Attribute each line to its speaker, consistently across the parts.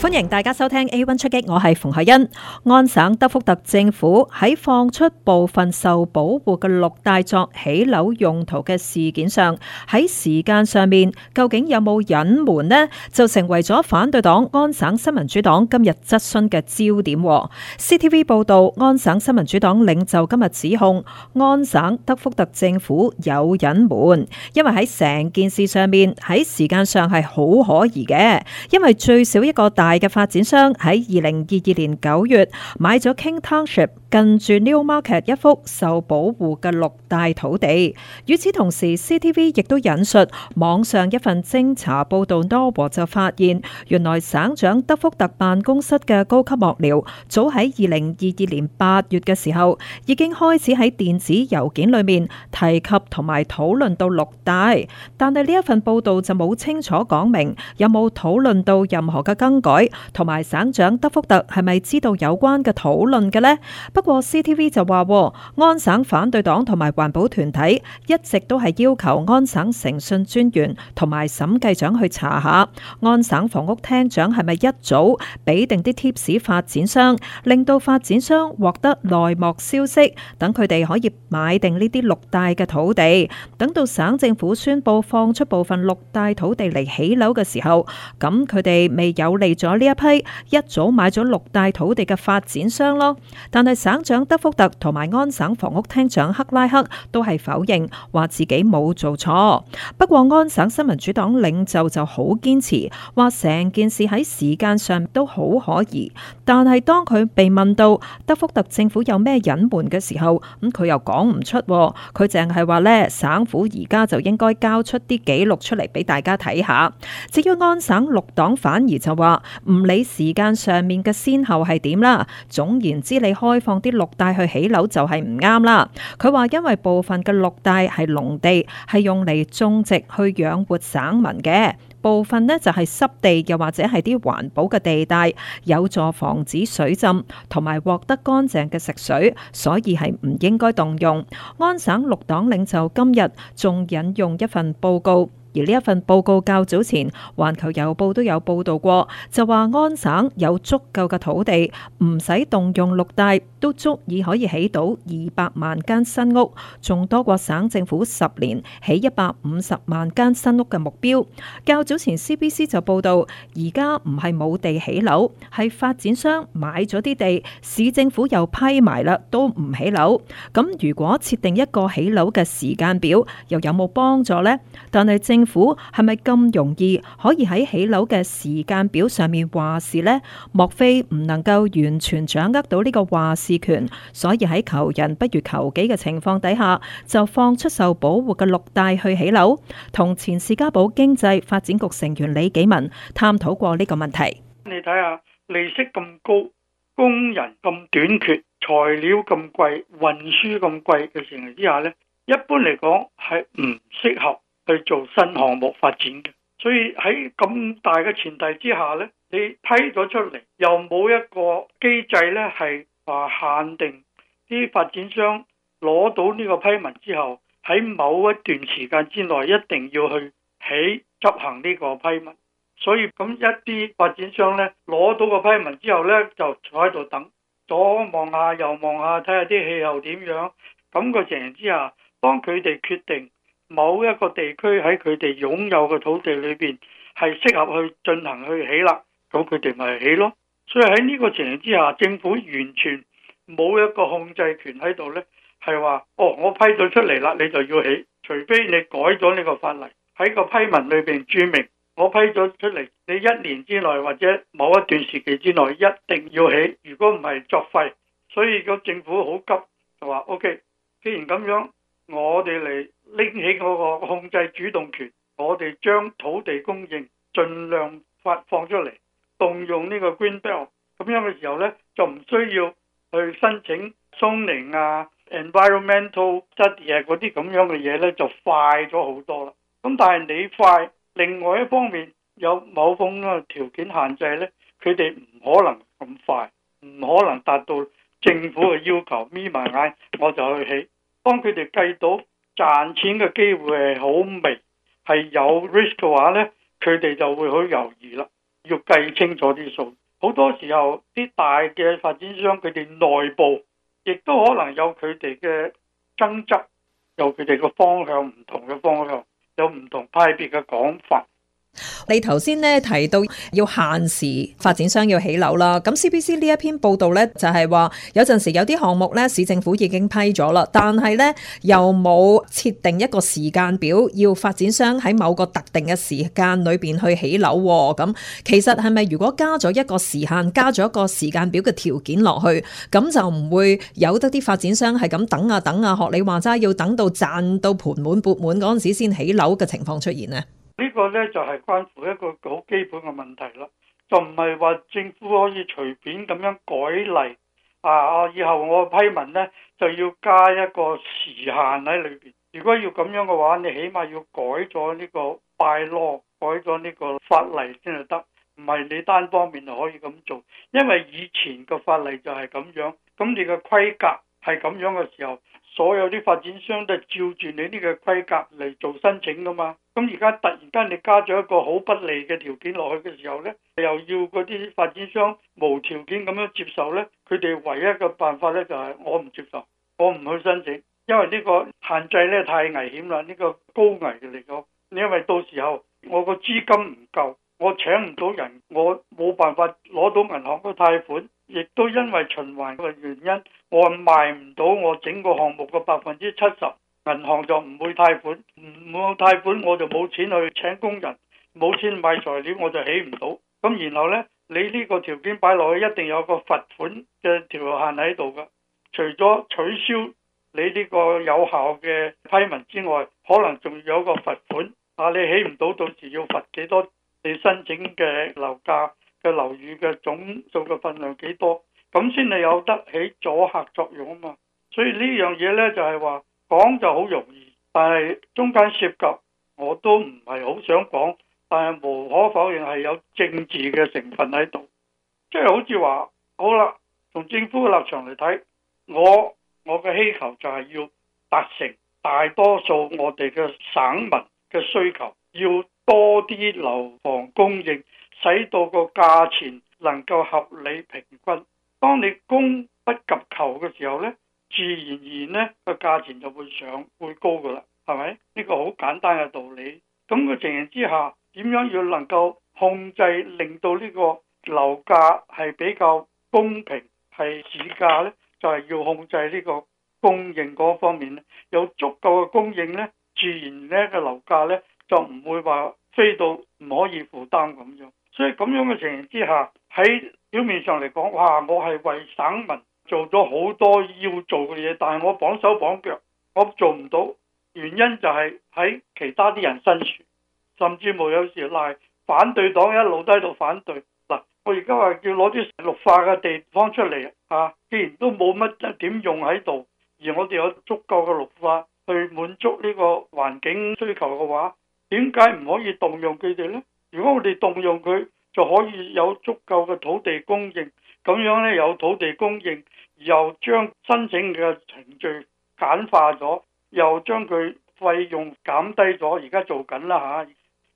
Speaker 1: 歡迎大家收聽 A One 出擊，我係馮海欣。安省德福特政府喺放出部分受保護嘅綠帶作起樓用途嘅事件上，喺時間上面究竟有冇隱瞞呢？就成為咗反對黨安省新民主黨今日質詢嘅焦點。C T V 報道，安省新民主黨領袖今日指控安省德福特政府有隱瞞，因為喺成件事上面喺時間上係好可疑嘅，因為最少一個大。大嘅發展商喺二零二二年九月買咗 King Township，近住 Newmarket 一幅受保護嘅綠帶土地，與此同時，CTV 亦都引述網上一份偵查報道，多和就發現原來省長德福特辦公室嘅高級幕僚早喺二零二二年八月嘅時候，已經開始喺電子郵件裏面提及同埋討論到綠帶，但係呢一份報道就冇清楚講明有冇討論到任何嘅更改，同埋省長德福特係咪知道有關嘅討論嘅呢？不過 CTV 就話，安省反對黨同埋環保團體一直都係要求安省誠信專員同埋審計長去查下，安省房屋廳長係咪一早俾定啲貼士發展商，令到發展商獲得內幕消息，等佢哋可以買定呢啲綠帶嘅土地，等到省政府宣布放出部分綠帶土地嚟起樓嘅時候，咁佢哋未有利咗呢一批一早買咗綠帶土地嘅發展商咯，但係。省長德福特同埋安省房屋廳長克拉克都係否認話自己冇做錯，不過安省新民主黨領袖就好堅持，話成件事喺時間上都好可疑。但係當佢被問到德福特政府有咩隱瞞嘅時候，咁佢又講唔出，佢淨係話咧，省府而家就應該交出啲記錄出嚟，俾大家睇下。至於安省綠黨反而就話唔理時間上面嘅先後係點啦。總言之，你開放啲綠帶去起樓就係唔啱啦。佢話因為部分嘅綠帶係農地，係用嚟種植去養活省民嘅；部分呢就係濕地，又或者係啲環保嘅地帶，有助防止水浸同埋獲得乾淨嘅食水，所以係唔應該動用。安省綠黨領袖今日仲引用一份報告。而呢一份報告較早前，環球郵報都有報道過，就話安省有足夠嘅土地，唔使動用綠帶都足以可以起到二百萬間新屋，仲多過省政府十年起一百五十萬間新屋嘅目標。較早前 CBC 就報道，而家唔係冇地起樓，係發展商買咗啲地，市政府又批埋啦，都唔起樓，咁如果設定一個起樓嘅時間表，又有冇幫助咧？但係政府府係咪咁容易可以喺起樓嘅時間表上面話事咧？莫非唔能夠完全掌握到呢個話事權，所以喺求人不如求己嘅情況底下，就放出受保護嘅綠帶去起樓？同前士嘉堡經濟發展局成員李紀文探討過呢個問題。
Speaker 2: 你睇下利息咁高，工人咁短缺，材料咁貴，運輸咁貴嘅情形之下咧，一般嚟講係唔適合。去做新項目發展嘅，所以喺咁大嘅前提之下呢，你批咗出嚟又冇一個機制呢，係話限定啲發展商攞到呢個批文之後，喺某一段時間之內一定要去起執行呢個批文。所以咁一啲發展商呢，攞到個批文之後呢，就坐喺度等，左望下右望下，睇下啲氣候點樣。咁個情形之下，幫佢哋決定。某一個地區喺佢哋擁有嘅土地裏邊係適合去進行去起啦，咁佢哋咪起咯。所以喺呢個情形之下，政府完全冇一個控制權喺度呢，係話哦，我批咗出嚟啦，你就要起，除非你改咗呢個法例喺個批文裏邊注明，我批咗出嚟，你一年之內或者某一段時期之內一定要起，如果唔係作廢。所以個政府好急就話，OK，既然咁樣。我哋嚟拎起嗰個控制主動權，我哋將土地供應盡量發放出嚟，動用呢個 green belt 咁樣嘅時候咧，就唔需要去申請鬆寧啊、environmental 質嘢嗰啲咁樣嘅嘢咧，就快咗好多啦。咁但係你快，另外一方面有某種嘅條件限制咧，佢哋唔可能咁快，唔可能達到政府嘅要求，眯埋眼我就去起。當佢哋計到賺錢嘅機會係好微，係有 risk 嘅話呢，佢哋就會好猶豫啦。要計清楚啲數，好多時候啲大嘅發展商佢哋內部亦都可能有佢哋嘅爭執，有佢哋個方向唔同嘅方向，有唔同派別嘅講法。
Speaker 1: 你頭先咧提到要限時發展商要起樓啦，咁 CBC 呢一篇報道呢，就係話有陣時有啲項目呢，市政府已經批咗啦，但係呢又冇設定一個時間表，要發展商喺某個特定嘅時間裏邊去起樓。咁、嗯、其實係咪如果加咗一個時限，加咗一個時間表嘅條件落去，咁就唔會有得啲發展商係咁等啊等啊，學你話齋要等到賺到盤滿缽滿嗰陣時先起樓嘅情況出現呢？
Speaker 2: 呢個呢，就係關乎一個好基本嘅問題啦，就唔係話政府可以隨便咁樣改例啊！以後我批文呢，就要加一個時限喺裏邊。如果要咁樣嘅話，你起碼要改咗呢個 by law，改咗呢個法例先係得，唔係你單方面就可以咁做，因為以前個法例就係咁樣，咁你嘅規格係咁樣嘅時候。所有啲發展商都係照住你呢個規格嚟做申請㗎嘛，咁而家突然間你加咗一個好不利嘅條件落去嘅時候呢，又要嗰啲發展商無條件咁樣接受呢？佢哋唯一嘅辦法呢，就係我唔接受，我唔去申請，因為呢個限制呢，太危險啦，呢、呢個高危嘅嚟，你因為到時候我個資金唔夠，我請唔到人，我冇辦法攞到銀行個貸款。亦都因為循環嘅原因，我賣唔到我整個項目嘅百分之七十，銀行就唔會貸款，唔冇貸款我就冇錢去請工人，冇錢買材料我就起唔到。咁然後呢，你呢個條件擺落去一定有個罰款嘅條限喺度噶，除咗取消你呢個有效嘅批文之外，可能仲有一個罰款。啊，你起唔到到時要罰幾多？你申請嘅樓價，嘅樓宇嘅總數嘅份量幾多，咁先係有得起阻吓作用啊嘛。所以呢樣嘢咧，就係話，講就好容易，但係中間涉及我都唔係好想講，但係無可否認係有政治嘅成分喺度，即係好似話好啦，從政府嘅立場嚟睇，我我嘅希求就係要達成大多數我哋嘅省民嘅需求，要多啲樓房供應。使到個價錢能夠合理平均。當你供不及求嘅時候呢，自然而然咧個價錢就會上，會高噶啦，係咪？呢個好簡單嘅道理。咁個情形之下，點樣要能夠控制，令到呢個樓價係比較公平，係市價呢，就係要控制呢個供應嗰方面咧。有足夠嘅供應呢，自然呢個樓價呢，就唔會話飛到唔可以負擔咁樣。所以咁樣嘅情形之下，喺表面上嚟講，哇！我係為省民做咗好多要做嘅嘢，但係我綁手綁腳，我做唔到。原因就係喺其他啲人身處，甚至冇有時賴反對黨一路都喺度反對。嗱，我而家話要攞啲綠化嘅地方出嚟嚇，啊，既然都冇乜點用喺度，而我哋有足夠嘅綠化去滿足呢個環境需求嘅話，點解唔可以動用佢哋呢？如果我哋動用佢，就可以有足夠嘅土地供應，咁樣咧，有土地供應，又將申請嘅程序簡化咗，又將佢費用減低咗，而家做緊啦嚇。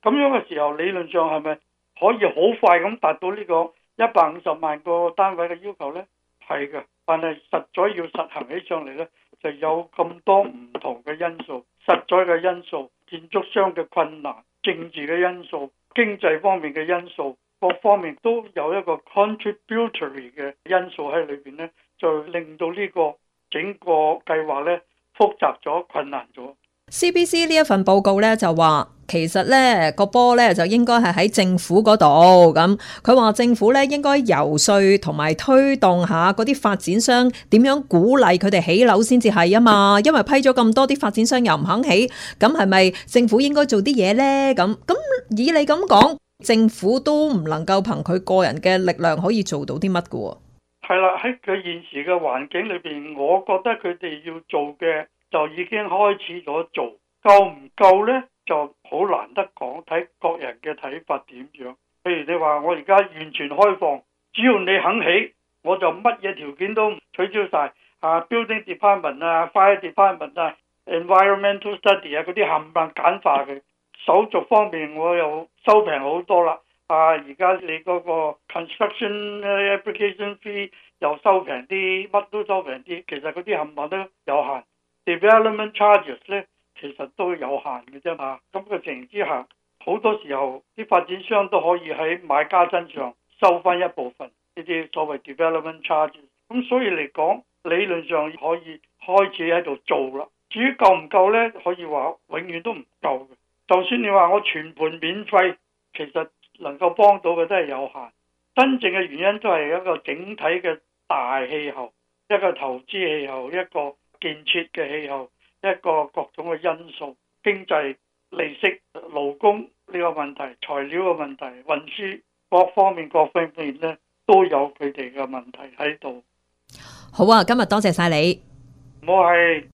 Speaker 2: 咁樣嘅時候，理論上係咪可以好快咁達到呢個一百五十萬個單位嘅要求呢？係嘅，但係實在要實行起上嚟呢，就有咁多唔同嘅因素，實在嘅因素、建築商嘅困難、政治嘅因素。經濟方面嘅因素，各方面都有一個 contributory 嘅因素喺裏面，呢，就令到呢個整個計劃呢複雜咗、困難咗。
Speaker 1: CBC 呢一份報告咧就話，其實咧個波咧就應該係喺政府嗰度咁。佢話政府咧應該遊說同埋推動下嗰啲發展商點樣鼓勵佢哋起樓先至係啊嘛，因為批咗咁多啲發展商又唔肯起，咁係咪政府應該做啲嘢咧？咁咁以你咁講，政府都唔能夠憑佢個人嘅力量可以做到啲乜嘅
Speaker 2: 喎？係啦，喺佢現時嘅環境裏邊，我覺得佢哋要做嘅。就已經開始咗做，夠唔夠呢？就好難得講，睇各人嘅睇法點樣。譬如你話我而家完全開放，只要你肯起，我就乜嘢條件都取消晒。啊，building department 啊，fire department 啊，environmental study 啊嗰啲冚唪唥簡化嘅手續方面，我又收平好多啦。啊，而家你嗰個 construction application fee 又收平啲，乜都收平啲。其實嗰啲冚唪唥都有限。development charges 咧，其實都有限嘅啫嘛。咁嘅情形之下，好多時候啲發展商都可以喺買家身上收翻一部分呢啲所謂 development charges。咁所以嚟講，理論上可以開始喺度做啦。至於夠唔夠呢？可以話永遠都唔夠。就算你話我全盤免費，其實能夠幫到嘅都係有限。真正嘅原因都係一個整體嘅大氣候，一個投資氣候，一個。建設嘅氣候，一個各種嘅因素，經濟、利息、勞工呢個問題、材料嘅問題、運輸各方面各方面咧都有佢哋嘅問題喺度。
Speaker 1: 好啊，今日多謝晒你。
Speaker 2: 我係。